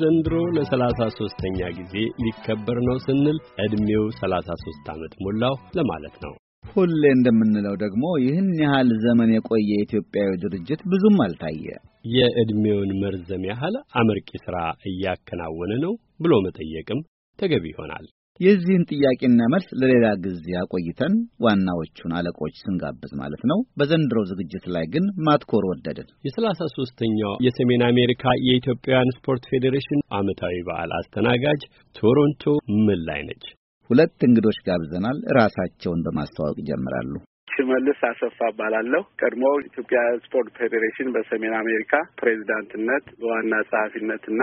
ዘንድሮ ለሰላሳ ሶስተኛ ጊዜ ሊከበር ነው ስንል ዕድሜው ሰላሳ ሦስት ዓመት ሞላው ለማለት ነው። ሁሌ እንደምንለው ደግሞ ይህን ያህል ዘመን የቆየ ኢትዮጵያዊ ድርጅት ብዙም አልታየ። የዕድሜውን መርዘም ያህል አመርቂ ሥራ እያከናወነ ነው ብሎ መጠየቅም ተገቢ ይሆናል። የዚህን ጥያቄና መልስ ለሌላ ጊዜ አቆይተን ዋናዎቹን አለቆች ስንጋብዝ ማለት ነው። በዘንድሮ ዝግጅት ላይ ግን ማትኮር ወደድን። የሰላሳ ሶስተኛው የሰሜን አሜሪካ የኢትዮጵያውያን ስፖርት ፌዴሬሽን ዓመታዊ በዓል አስተናጋጅ ቶሮንቶ ምን ላይ ነች? ሁለት እንግዶች ጋብዘናል። ራሳቸውን በማስተዋወቅ ይጀምራሉ። ሽመልስ አሰፋ እባላለሁ። ቀድሞ ኢትዮጵያ ስፖርት ፌዴሬሽን በሰሜን አሜሪካ ፕሬዚዳንትነት በዋና ጸሐፊነትና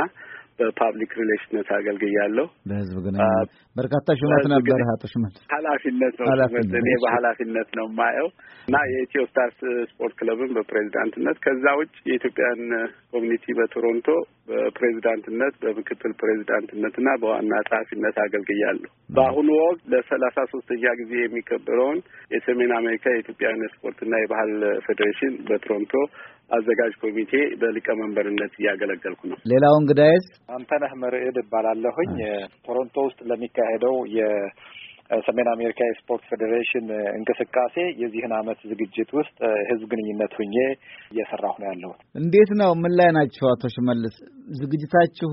በፓብሊክ ሪሌሽንነት አገልግያለሁ። በህዝብ ግንኙነት በርካታ ሹመት ነበረ። አቶ ሹመት ኃላፊነት ነው ሹመት እኔ በኃላፊነት ነው የማየው እና የኢትዮ ስታርስ ስፖርት ክለብን በፕሬዚዳንትነት ከዛ ውጭ የኢትዮጵያን ኮሚኒቲ በቶሮንቶ በፕሬዚዳንትነት በምክትል ፕሬዚዳንትነት እና በዋና ጸሐፊነት አገልግያለሁ። በአሁኑ ወቅት ለሰላሳ ሶስተኛ ጊዜ የሚከበረውን የሰሜን አሜሪካ የኢትዮጵያን ስፖርትና የባህል ፌዴሬሽን በቶሮንቶ አዘጋጅ ኮሚቴ በሊቀመንበርነት እያገለገልኩ ነው። ሌላው እንግዳይስ አንተነህ መርዕድ እባላለሁኝ ቶሮንቶ ውስጥ ለሚካ የሚካሄደው የሰሜን አሜሪካ የስፖርት ፌዴሬሽን እንቅስቃሴ የዚህን ዓመት ዝግጅት ውስጥ ህዝብ ግንኙነት ሁኜ እየሰራሁ ነው ያለሁት። እንዴት ነው? ምን ላይ ናቸው? አቶ ሽመልስ ዝግጅታችሁ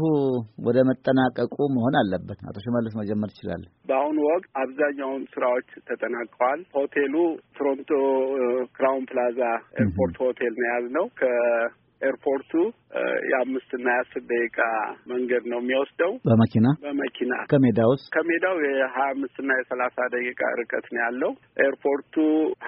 ወደ መጠናቀቁ መሆን አለበት። አቶ ሽመልስ መጀመር ትችላለ። በአሁኑ ወቅት አብዛኛውን ስራዎች ተጠናቀዋል። ሆቴሉ ቶሮንቶ ክራውን ፕላዛ ኤርፖርት ሆቴል ነው የያዝነው። ኤርፖርቱ የአምስትና የአስር ደቂቃ መንገድ ነው የሚወስደው በመኪና በመኪና ከሜዳው ከሜዳው የሀያ አምስትና የሰላሳ ደቂቃ ርቀት ነው ያለው። ኤርፖርቱ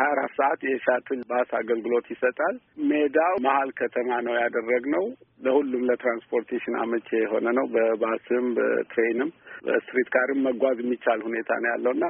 ሀያ አራት ሰዓት የሻትል ባስ አገልግሎት ይሰጣል። ሜዳው መሀል ከተማ ነው ያደረግነው። ለሁሉም ለትራንስፖርቴሽን አመቼ የሆነ ነው። በባስም በትሬንም በስትሪት ካርም መጓዝ የሚቻል ሁኔታ ነው ያለውና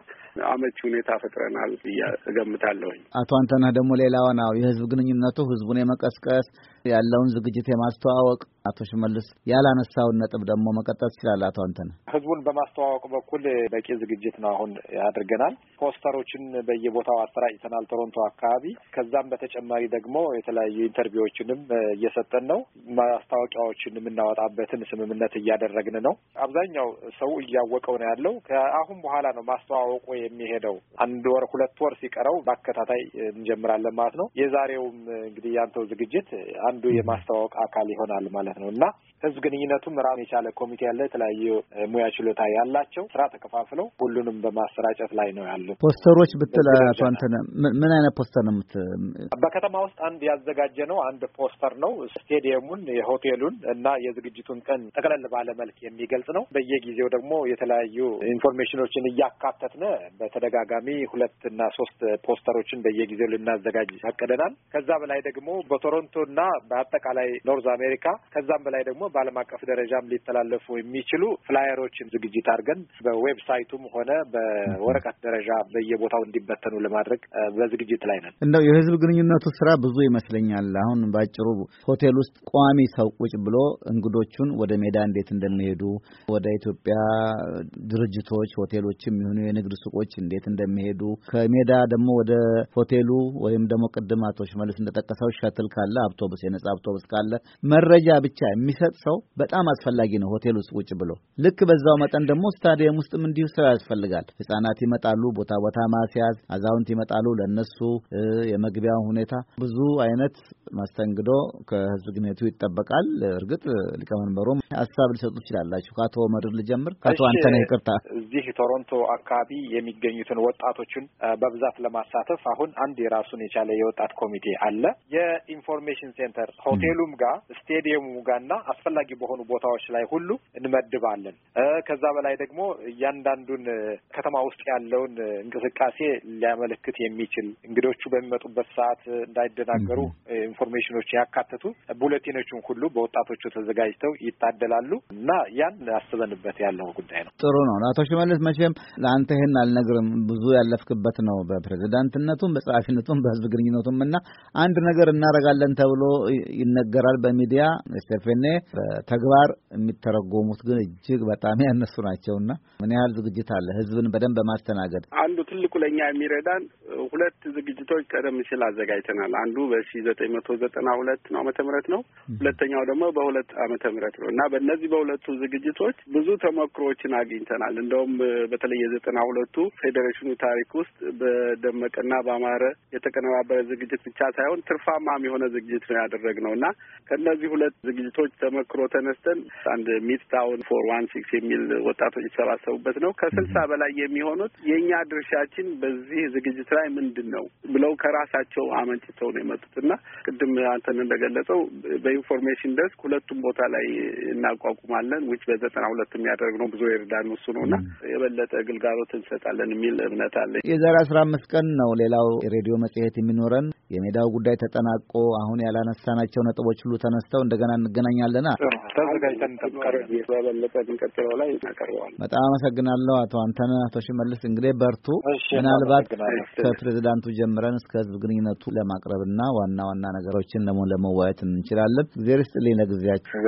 አመቺ ሁኔታ ፈጥረናል ብዬ እገምታለሁኝ። አቶ አንተነህ ደግሞ ሌላው ነው የህዝብ ግንኙነቱ ህዝቡን የመቀስቀስ ያለውን ዝግጅት የማስተዋወቅ አቶ ሽመልስ ያላነሳውን ነጥብ ደግሞ መቀጠል ይችላል። አቶ አንተነህ ህዝቡን በማስተዋወቅ በኩል በቂ ዝግጅት ነው አሁን አድርገናል። ፖስተሮችን በየቦታው አሰራጭተናል፣ ቶሮንቶ አካባቢ። ከዛም በተጨማሪ ደግሞ የተለያዩ ኢንተርቪዎችንም እየሰጠን ነው። ማስታወቂያዎችን የምናወጣበትን ስምምነት እያደረግን ነው። አብዛኛው ሰው እያወቀው ነው ያለው። ከአሁን በኋላ ነው ማስተዋወቁ የሚሄደው። አንድ ወር ሁለት ወር ሲቀረው በአከታታይ እንጀምራለን ማለት ነው። የዛሬውም እንግዲህ ያንተው ዝግጅት አንዱ የማስተዋወቅ አካል ይሆናል ማለት ነው። ማለት ነው እና ህዝብ ግንኙነቱም ራሱን የቻለ ኮሚቴ ያለ የተለያዩ ሙያ ችሎታ ያላቸው ስራ ተከፋፍለው ሁሉንም በማሰራጨት ላይ ነው ያሉ። ፖስተሮች ብትል አቶ አንተነ ምን አይነት ፖስተር ነው ምት በከተማ ውስጥ አንድ ያዘጋጀ ነው አንድ ፖስተር ነው። ስቴዲየሙን፣ የሆቴሉን እና የዝግጅቱን ቀን ጠቅለል ባለ መልክ የሚገልጽ ነው። በየጊዜው ደግሞ የተለያዩ ኢንፎርሜሽኖችን እያካተትነ በተደጋጋሚ ሁለት እና ሶስት ፖስተሮችን በየጊዜው ልናዘጋጅ ያቅደናል። ከዛ በላይ ደግሞ በቶሮንቶ እና በአጠቃላይ ኖርዝ አሜሪካ ከዛም በላይ ደግሞ በዓለም አቀፍ ደረጃም ሊተላለፉ የሚችሉ ፍላየሮችን ዝግጅት አድርገን በዌብሳይቱም ሆነ በወረቀት ደረጃ በየቦታው እንዲበተኑ ለማድረግ በዝግጅት ላይ ነን። እንደው የህዝብ ግንኙነቱ ስራ ብዙ ይመስለኛል። አሁን ባጭሩ ሆቴል ውስጥ ቋሚ ሰው ቁጭ ብሎ እንግዶቹን ወደ ሜዳ እንዴት እንደሚሄዱ ወደ ኢትዮጵያ ድርጅቶች ሆቴሎችም የሚሆኑ የንግድ ሱቆች እንዴት እንደሚሄዱ ከሜዳ ደግሞ ወደ ሆቴሉ ወይም ደግሞ ቅድም አቶ ሽመልስ እንደጠቀሰው ሸትል ካለ አውቶቡስ የነጻ አውቶቡስ ካለ መረጃ ብቻ ብቻ የሚሰጥ ሰው በጣም አስፈላጊ ነው። ሆቴል ውስጥ ቁጭ ብሎ ልክ በዛው መጠን ደግሞ ስታዲየም ውስጥም እንዲሁ ሰው ያስፈልጋል። ህጻናት ይመጣሉ፣ ቦታ ቦታ ማስያዝ፣ አዛውንት ይመጣሉ፣ ለእነሱ የመግቢያ ሁኔታ ብዙ አይነት መስተንግዶ ከህዝብ ግንኙነቱ ይጠበቃል። እርግጥ ሊቀመንበሩም ሀሳብ ሊሰጡ ይችላላችሁ። ከአቶ መድር ልጀምር። ከአቶ አንተነህ ይቅርታ። እዚህ ቶሮንቶ አካባቢ የሚገኙትን ወጣቶችን በብዛት ለማሳተፍ አሁን አንድ የራሱን የቻለ የወጣት ኮሚቴ አለ። የኢንፎርሜሽን ሴንተር ሆቴሉም ጋር ስቴዲየሙም ጋር እና አስፈላጊ በሆኑ ቦታዎች ላይ ሁሉ እንመድባለን። ከዛ በላይ ደግሞ እያንዳንዱን ከተማ ውስጥ ያለውን እንቅስቃሴ ሊያመለክት የሚችል እንግዶቹ በሚመጡበት ሰዓት እንዳይደናገሩ ኢንፎርሜሽኖች ያካተቱ ቡሌቲኖችን ሁሉ በወጣቶቹ ተዘጋጅተው ይታደላሉ እና ያን አስበንበት ያለው ጉዳይ ነው። ጥሩ ነው። አቶ ሽመልስ መቼም ለአንተ ይህን አልነግርም፣ ብዙ ያለፍክበት ነው በፕሬዚዳንትነቱም፣ በጸሐፊነቱም፣ በህዝብ ግንኙነቱም እና አንድ ነገር እናደርጋለን ተብሎ ይነገራል በሚዲያ ስቴፌኔ፣ በተግባር የሚተረጎሙት ግን እጅግ በጣም ያነሱ ናቸውና ምን ያህል ዝግጅት አለ ህዝብን በደንብ በማስተናገድ አንዱ ትልቁ ለኛ የሚረዳን ሁለት ዝግጅቶች ቀደም ሲል አዘጋጅተናል። አንዱ በሺ ዘጠኝ መቶ ዘጠና ሁለት ነው አመተ ምህረት ነው። ሁለተኛው ደግሞ በሁለት አመተ ምህረት ነው እና በእነዚህ በሁለቱ ዝግጅቶች ብዙ ተሞክሮዎችን አግኝተናል። እንደውም በተለይ የዘጠና ሁለቱ ፌዴሬሽኑ ታሪክ ውስጥ በደመቀና በአማረ የተቀነባበረ ዝግጅት ብቻ ሳይሆን ትርፋማም የሆነ ዝግጅት ነው ያደረግነው እና ከእነዚህ ሁለት ዝግጅቶች ተመክሮ ተነስተን አንድ ታውን ፎር ዋን ሲክስ የሚል ወጣቶች የተሰባሰቡበት ነው። ከስልሳ በላይ የሚሆኑት የእኛ ድርሻችን በዚህ ዝግጅት ላይ ምንድን ነው ብለው ከራሳቸው አመንጭተው ነው የመጡት እና ቅድም አንተን እንደገለጸው በኢንፎርሜሽን ደስክ ሁለቱም ቦታ ላይ እናቋቁማለን። ውጭ በዘጠና ሁለት የሚያደርግ ነው ብዙ የርዳን እሱ ነው እና የበለጠ ግልጋሎት እንሰጣለን የሚል እምነት አለ። የዛሬ አስራ አምስት ቀን ነው ሌላው የሬዲዮ መጽሔት የሚኖረን። የሜዳው ጉዳይ ተጠናቆ አሁን ያላነሳናቸው ነጥቦች ሁሉ ተነስተው እንደገና እንገናኛለና ተዘጋጅተን በበለጠ ላይ በጣም አመሰግናለሁ አቶ አንተነህ፣ አቶ ሽመልስ እንግዲህ በርቱ። ምናልባት ከፕሬዚዳንቱ ጀምረን እስከ ህዝብ ግንኙነቱ ለማቅረብና ዋና ዋና ነገር ነገሮችን ለመዋየት እንችላለን። እግዜር ይስጥልኝ ለጊዜያቸው